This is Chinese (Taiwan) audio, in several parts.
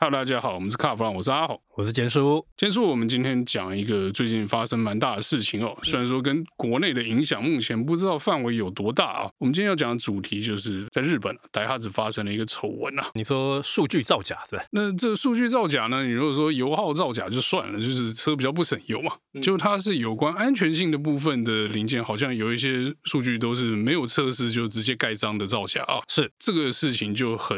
哈嘍，大家好，我們是卡夫蘭，我是阿紅。我是堅叔，堅叔，我們今天講一個最近發生蠻大的事情哦、喔。雖然說跟國內的影響目前不知道範圍有多大啊。我們今天要講的主題就是在日本，Daihatsu 發生了一個醜聞啊。你說數據造假對？那這數據造假呢？你如果說油耗造假就算了，就是車比較不省油嘛。嗯、就它是有關安全性的部分的零件，好像有一些數據都是沒有測試就直接蓋章的造假啊。是這個事情就很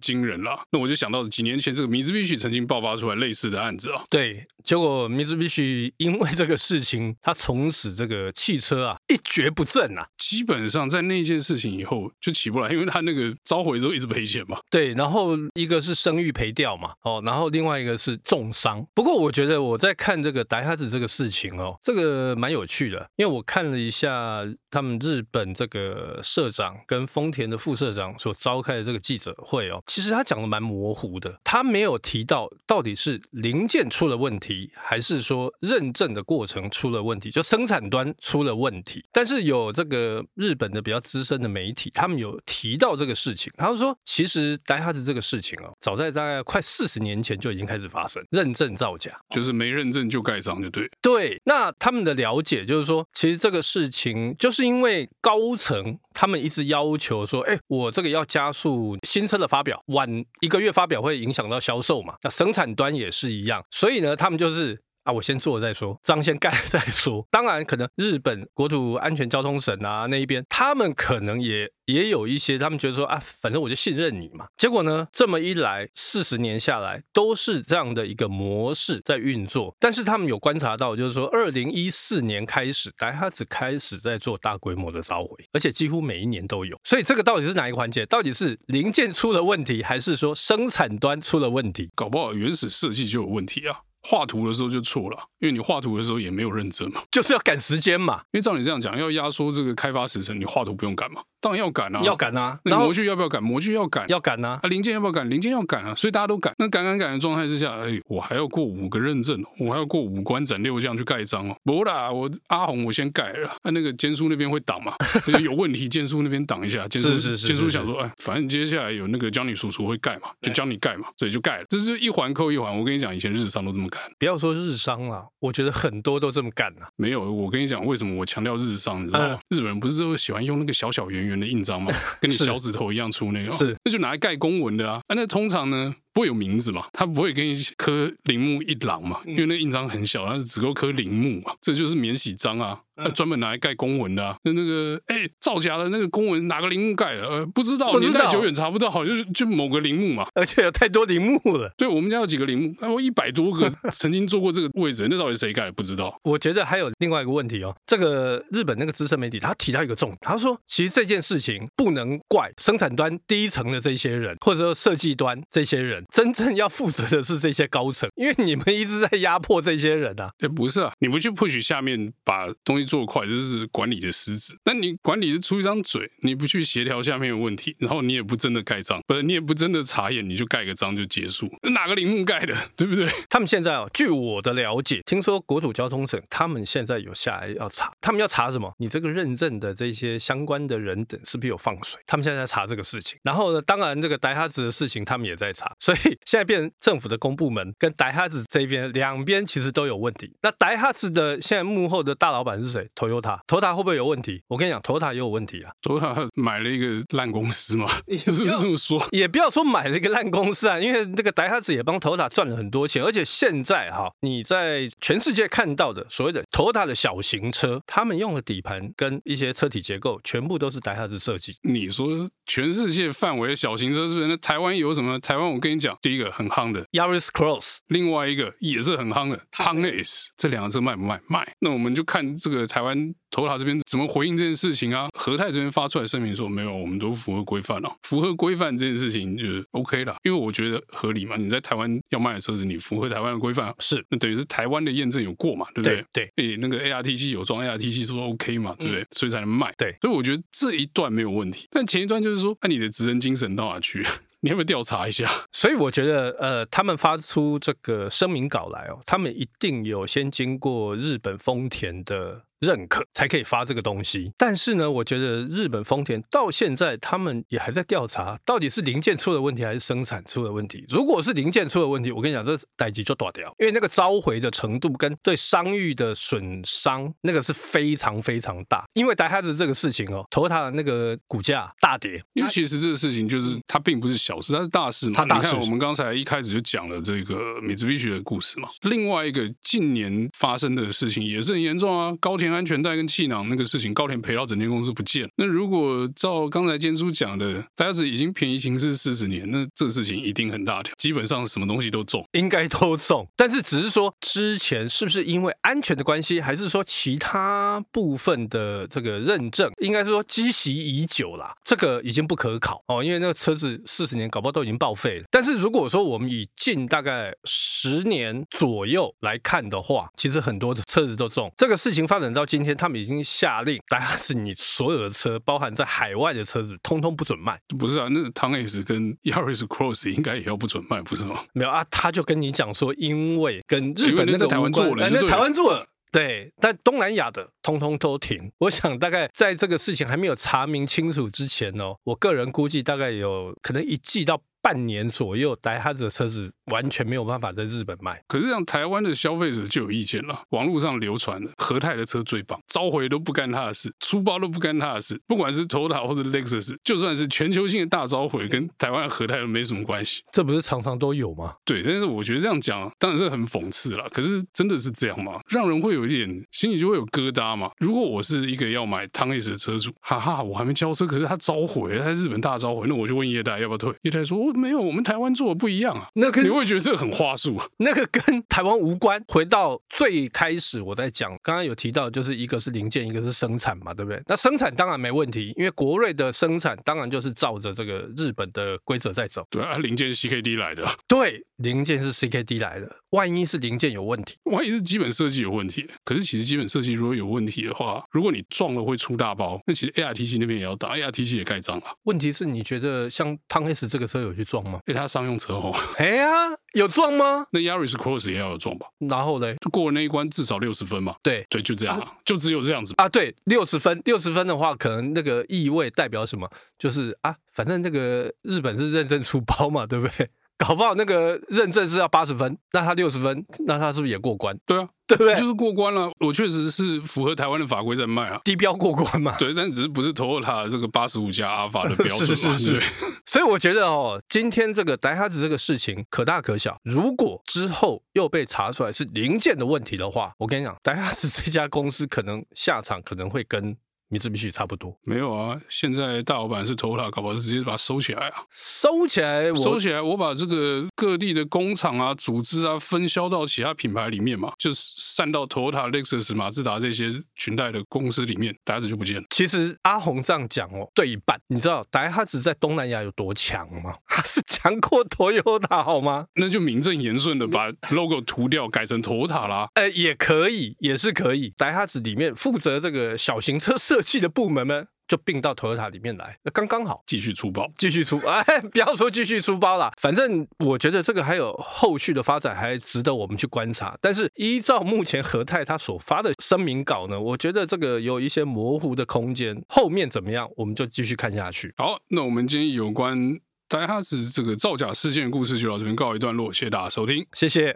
驚人了、啊。那我就想到幾年前這個 Mitsubishi 曾經爆發出來類似的案。案子哦，對，結果 Mitsubishi 因為這個事情，他從此這個汽車啊一蹶不振啊，基本上在那件事情以後就起不來，因為他那個召回之後一直賠錢嘛。對，然後一個是聲譽賠掉嘛，哦，然後另外一個是重傷。不過我覺得我在看這個 Daihatsu 這個事情哦，這個蠻有趣的，因為我看了一下他們日本這個社長跟豐田的副社長所召開的這個記者會哦，其實他講的蠻模糊的，他沒有提到到底是。零件出了問題，還是說認證的過程出了問題？就生產端出了問題。但是有這個日本的比較資深的媒體，他們有提到這個事情。他們說，其實 DAIHATSU 這個事情哦，早在大概快四十年前就已經開始發生，認證造假，就是沒認證就蓋章，就對。對，那他們的了解就是說，其實這個事情就是因為高層他們一直要求說，哎，我這個要加速新車的發表，晚一個月發表會影響到銷售嘛？那生產端也是。一樣，所以呢，他們就是。啊，我先做了再說，章先蓋了再說。當然，可能日本國土安全交通省啊那一邊，他們可能也也有一些，他們覺得說啊，反正我就信任你嘛。結果呢，這麼一來，四十年下來都是這樣的一個模式在運作。但是他們有觀察到，就是說，二零一四年開始，DAIHATSU 開始在做大規模的召回，而且幾乎每一年都有。所以這個到底是哪一個環節？到底是零件出了問題，還是說生產端出了問題？搞不好原始設計就有問題啊。畫圖的時候就錯了，因為你畫圖的時候也沒有認真嘛，就是要趕時間嘛。因為照你這樣講，要壓縮這個開發時程，你畫圖不用趕嘛？當然要趕啊，要趕啊！那模具要不要趕，模具要趕？模具要趕，要趕啊，啊！零件要不要趕？零件要趕啊！所以大家都趕。那趕趕趕的狀態之下，哎，我還要過五個認證，我還要過五關斬六將去蓋章哦。不啦，我阿紅我先蓋了。哎、啊，那個監書那邊會擋嘛？ 就有問題，監書那邊擋一下。監書監書想說，哎，反正接下來有那個江里叔叔會蓋嘛，就教你蓋嘛，所以就蓋了。這是一環扣一環。我跟你講，以前日商都這麼幹，不要說日商了，我覺得很多都這麼幹呢、啊。沒有，我跟你講，為什麼我強調日商？你知道嗎、嗯？日本人不是都喜歡用那個小小圓圓？的印章嘛，跟你小指頭一樣粗那種， 是那就拿來蓋公文的啊，啊那通常呢不會有名字嘛，他不會給你刻鈴木一郎嘛，因為那印章很小，它只夠刻鈴木嘛，這就是免洗章啊。專、呃、門拿來蓋公文的、啊，就那，那個哎、欸，造假的那個公文哪個鈴木蓋了？呃，不知道，你太久遠查不到，好像就某個鈴木嘛。而且有太多鈴木了，對，我們家有幾個鈴木，然後一百多個曾經做過這個位置， 那到底誰蓋的不知道？我覺得還有另外一個問題哦，這個日本那個資深媒體他提到一個重點，他說其實這件事情不能怪生產端第一層的這些人，或者說設計端這些人，真正要負責的是這些高層，因為你們一直在壓迫這些人啊。也、欸、不是啊，你不去 push 下面把東西。做快就是管理的失職，那你管理是出一張嘴，你不去協調下面的問題，然後你也不真的蓋章，不是你也不真的查驗，你就蓋個章就結束，哪個鈴木蓋的，對不對？他們現在哦，據我的了解，聽說國土交通省他們現在有下來要查。他們要查什麼？你這個認證的這些相關的人等是不是有放水？他們現在在查這個事情。然後呢，當然這個 DAIHATSU 的事情他們也在查，所以現在變成政府的公部門跟 DAIHATSU 這邊兩邊其實都有問題。那 DAIHATSU 的現在幕後的大老闆是誰？TOYOTA TOYOTA 會不會有問題？我跟你講，TOYOTA 也有問題啊。TOYOTA 買了一個爛公司嗎？ 你是不是這麼說？ 也不要說買了一個爛公司啊，因為這個 DAIHATSU 也幫 TOYOTA 賺了很多錢，而且現在哈，你在全世界看到的所謂的 TOYOTA 的小型車。他們用的底盤跟一些車體結構全部都是 Daihatsu 的設計。你說全世界範圍的小型車是不是？那台灣有什麼？台灣我跟你講，第一個很夯的 Yaris Cross，另外一個也是很夯的 Town Ace。S. 這兩個車賣不賣？賣。那我們就看這個台灣。Toyota 這邊怎麼回應這件事情啊？和泰這邊發出來聲明說，沒有，我們都符合規範了。符合規範這件事情就是 OK 了，因為我覺得合理嘛。你在台灣要賣的車子，你符合台灣的規範，啊，是那等於是台灣的驗證有過嘛，對不對？對，對欸，那個 ARTC 有裝 ARTC，說是 OK 嘛，對不對，嗯？所以才能賣。對，所以我覺得這一段沒有問題。但前一段就是說，那，啊、你的職人精神到哪去？ 你要不要調查一下？所以我覺得，呃，他們發出這個聲明稿來哦，他們一定有先經過日本豐田的。認可才可以發這個東西，但是呢，我覺得日本豐田到現在他們也還在調查，到底是零件出了問題還是生產出了問題。如果是零件出了問題，我跟你講，這代誌就大條，因為那個召回的程度跟對商譽的損傷那個是非常非常大。因為 DAIHATSU 這個事情哦，TOYOTA 的那個股價大跌，因為其實這個事情就是它並不是小事，它是大事嘛。它大事你看我們剛才一開始就講了這個 MITSUBISHI 的故事嘛。另外一個近年發生的事情也是很嚴重啊，高田。安全帶跟氣囊那個事情，高田賠到整間公司不見了。那如果照剛才建叔講的，車子已經便宜行事四十年，那這個事情一定很大條，基本上什麼東西都中，應該都中。但是只是說之前是不是因為安全的關係，還是說其他部分的這個認證，應該是說積習已久啦，這個已經不可考哦。因為那個車子四十年，搞不好都已經報廢了。但是如果說我們以近大概十年左右來看的話，其實很多的車子都中，這個事情發展。.到今天，他們已經下令，當然是你所有的車，包含在海外的車子，通通不准賣。不是啊，那個 Town Ace 跟 Yaris Cross 應該也要不准賣，不是嗎？沒有啊，他就跟你講說，因為跟日本那個台灣做了，那台灣住了，那個台灣住了對，對，但東南亞的通通都停。我想大概在這個事情還沒有查明清楚之前哦，我個人估計大概有可能一季到半年左右，Daihatsu 的車子完全沒有辦法在日本賣。可是讓台灣的消費者就有意見了，網絡上流傳的和泰的車最棒，召回都不干他的事，出包都不干他的事，不管是 Toyota 或者 Lexus 就算是全球性的大召回，跟台灣的和泰都沒什麼關係。這不是常常都有嗎？對，但是我覺得這樣講當然是很諷刺了。可是真的是這樣嗎？讓人會有一點心裡就會有疙瘩嘛。如果我是一個要買湯力斯的車主，哈哈，我還沒交車，可是他召回，他在日本大召回，那我就問業代要不要退。業代說。沒有，我們台灣做的不一樣啊。那個跟你會覺得這個很話術，那個跟台灣無關。回到最開始我在講，剛剛有提到，就是一個是零件，一個是生產嘛，對不對？那生產當然沒問題，因為國瑞的生產當然就是照着這個日本的規則在走。對啊，零件是 CKD 來的、啊。對，零件是 CKD 來的。萬一是零件有問題，萬一是基本設計有問題，可是其實基本設計如果有問題的話，如果你撞了會出大包，那其實 ARTC 那邊也要打，ARTC 也蓋章了。問題是，你覺得像湯 S 這個車有些？撞嗎？被、欸、他商用車哦。哎呀，啊，有撞嗎？那 Yaris Cross 也要有撞吧？然後呢？就過了那一關，至少六十分嘛。對對，就這樣，啊啊，就只有這樣子啊。對，六十分，六十分的話，可能那個意味代表什麼？就是啊，反正那個日本是認證出包嘛，對不對？搞不好那個認證是要八十分，那他六十分，那他是不是也過關？對啊，對不對？就是過關了，啊。我確實是符合台灣的法規在賣啊，低標過關嘛。對，但只是不是投了他這個八十五加阿爾法的標準 是是是是。所以我覺得哦，今天這個 DAIHATSU 這個事情可大可小。如果之後又被查出來是零件的問題的話，我跟你講，DAIHATSU 這家公司可能下場可能會跟。你這筆也差不多沒有啊？現在大老板是 Toyota，搞不好直接把它收起來啊！收起來我，收起來！我把這個各地的工廠啊、組織啊分銷到其他品牌裡面嘛，就是散到 Toyota、Lexus、馬自達這些裙帶的公司裡面，戴哈子就不見了。其實阿紅這樣講哦，對一半。你知道戴哈子在東南亞有多強嗎？ 他是強過 Toyota 好嗎？那就名正言順的把 logo 塗掉，改成 Toyota 啦。哎、欸，也可以，也是可以。戴哈子裡面負責這個小型車設。系的部門呢，就併到 TOYOTA 裡面來，那剛剛好繼續出包，繼續出，唉！不要說繼續出包了，反正我覺得這個還有後續的發展，還值得我們去觀察。但是依照目前和泰他所發的聲明稿呢，我覺得這個有一些模糊的空間，後面怎麼樣，我們就繼續看下去。好，那我們今天有關 DAIHATSU 這個造假事件的故事就到這邊告一段落，謝謝大家收聽，謝謝。